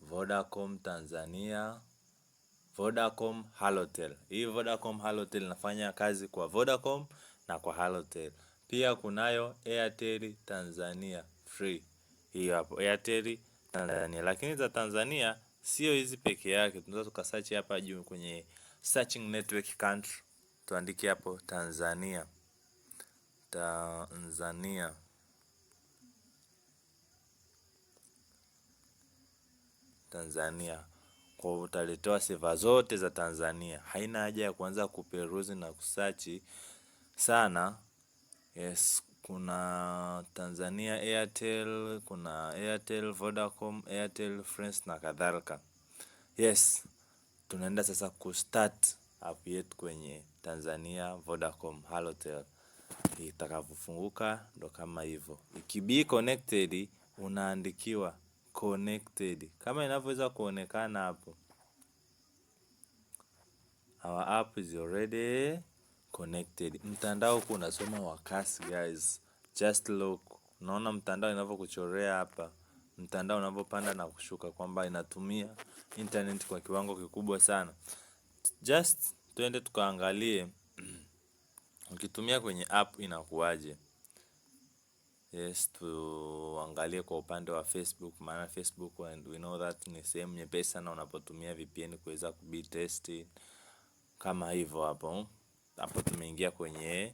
Vodacom Tanzania, Vodacom Halotel. Hii Vodacom Halotel inafanya kazi kwa Vodacom na kwa Halotel. Pia kunayo Airtel Tanzania Free. Hiyo hapo Airtel Tanzania. Lakini za Tanzania sio hizi peke yake. Tunaweza tukasearch hapa juu kwenye searching network country. Tuandike hapo Tanzania. Tanzania. Tanzania. Kwa utaletewa seva zote za Tanzania. Haina haja ya kuanza kuperuzi na kusachi sana. Yes, kuna Tanzania Airtel, kuna Airtel, Vodacom, Airtel, Friends na kadhalika. Yes, tunaenda sasa kustart app yetu kwenye Tanzania Vodacom Halotel. Itakavyofunguka ndo kama hivyo. Ikibii connected unaandikiwa connected kama inavyoweza kuonekana hapo. Our app is already connected. Mtandao huku unasoma wa kasi guys, just look. Unaona mtandao inavyokuchorea hapa, mtandao unavyopanda na kushuka, kwamba inatumia internet kwa kiwango kikubwa sana. Just twende tukaangalie ukitumia kwenye app inakuwaje. Yes, tuangalie kwa upande wa Facebook, maana Facebook we know that ni sehemu nyepesi sana unapotumia VPN kuweza kubi test kama hivyo hapo, hapo tumeingia kwenye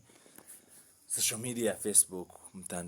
social media ya Facebook mtandao.